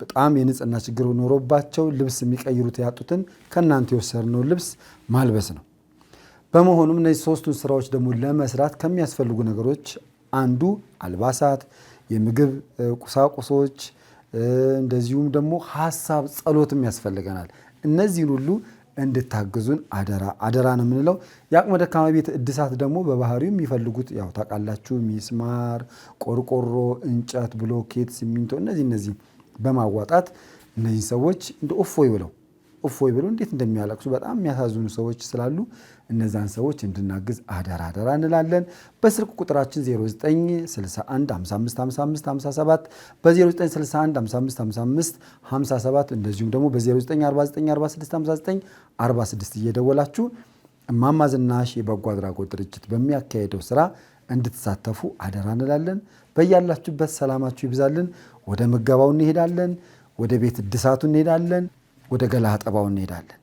በጣም የንጽህና ችግር ኖሮባቸው ልብስ የሚቀይሩት ያጡትን ከእናንተ የወሰድነው ልብስ ማልበስ ነው። በመሆኑም እነዚህ ሶስቱን ስራዎች ደግሞ ለመስራት ከሚያስፈልጉ ነገሮች አንዱ አልባሳት፣ የምግብ ቁሳቁሶች፣ እንደዚሁም ደግሞ ሀሳብ፣ ጸሎትም ያስፈልገናል። እነዚህን ሁሉ እንድታግዙን አደራ አደራ ነው የምንለው። የአቅመ ደካማ ቤት እድሳት ደግሞ በባህሪው የሚፈልጉት ያው ታውቃላችሁ፣ ሚስማር፣ ቆርቆሮ፣ እንጨት፣ ብሎኬት፣ ሲሚንቶ እነዚህ እነዚህ በማዋጣት እነዚህ ሰዎች እንደ እፎይ ብለው እፎይ ብለው እንዴት እንደሚያለቅሱ በጣም የሚያሳዝኑ ሰዎች ስላሉ እነዛን ሰዎች እንድናግዝ አደራ አደራ እንላለን። በስልክ ቁጥራችን 0961555557 በ0961555557 እንደዚሁም ደግሞ በ0949465946 እየደወላችሁ እማማ ዝናሽ የበጎ አድራጎት ድርጅት በሚያካሄደው ስራ እንድትሳተፉ አደራ እንላለን። በያላችሁበት ሰላማችሁ ይብዛልን። ወደ ምገባው እንሄዳለን። ወደ ቤት እድሳቱ እንሄዳለን። ወደ ገላ አጠባው እንሄዳለን።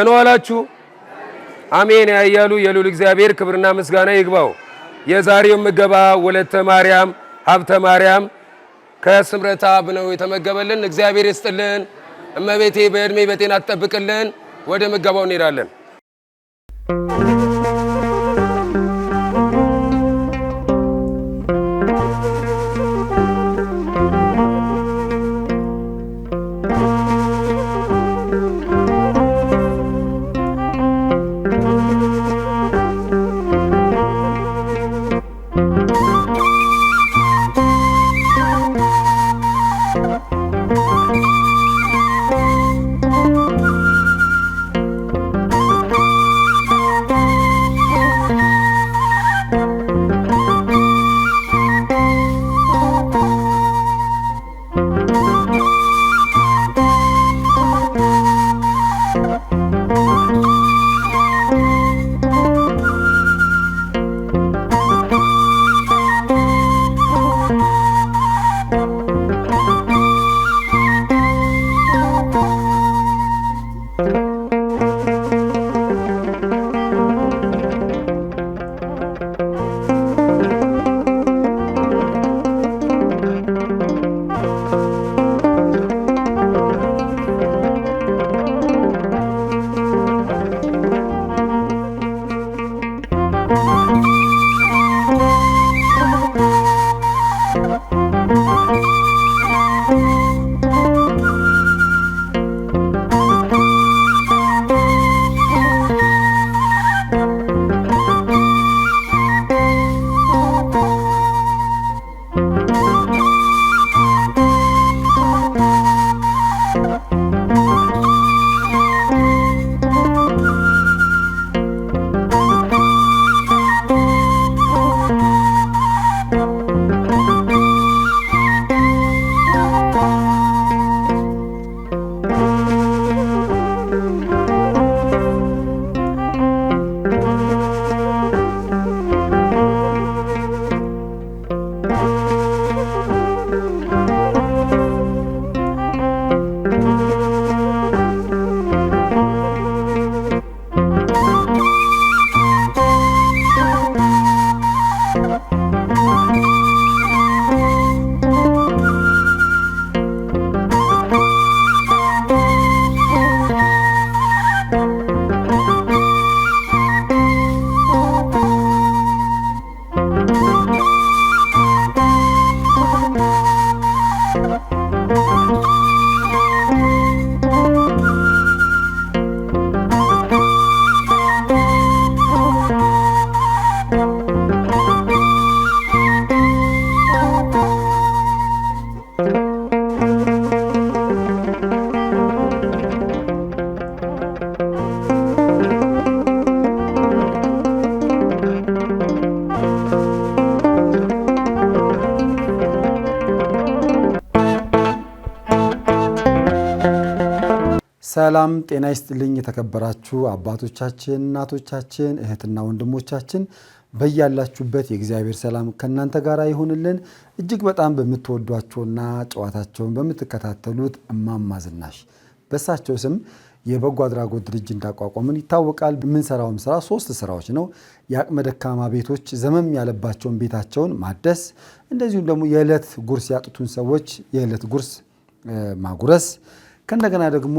ደህና ዋላችሁ። አሜን ያያሉ የሉል እግዚአብሔር ክብርና ምስጋና ይግባው። የዛሬው ምገባ ወለተ ማርያም ሀብተ ማርያም ከስምረተ አብ ነው የተመገበልን። እግዚአብሔር ይስጥልን። እመቤቴ በእድሜ በጤና ትጠብቅልን። ወደ ምገባው እንሄዳለን። ሰላም ጤና ይስጥልኝ። የተከበራችሁ አባቶቻችን፣ እናቶቻችን፣ እህትና ወንድሞቻችን በያላችሁበት የእግዚአብሔር ሰላም ከእናንተ ጋር ይሁንልን። እጅግ በጣም በምትወዷቸውና ጨዋታቸውን በምትከታተሉት እማማ ዝናሽ በሳቸው ስም የበጎ አድራጎት ድርጅት እንዳቋቋምን ይታወቃል። የምንሰራውም ስራ ሶስት ስራዎች ነው። የአቅመ ደካማ ቤቶች ዘመም ያለባቸውን ቤታቸውን ማደስ፣ እንደዚሁም ደግሞ የዕለት ጉርስ ያጡትን ሰዎች የዕለት ጉርስ ማጉረስ ከእንደገና ደግሞ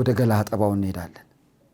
ወደ ገላ አጠባው እንሄዳለን።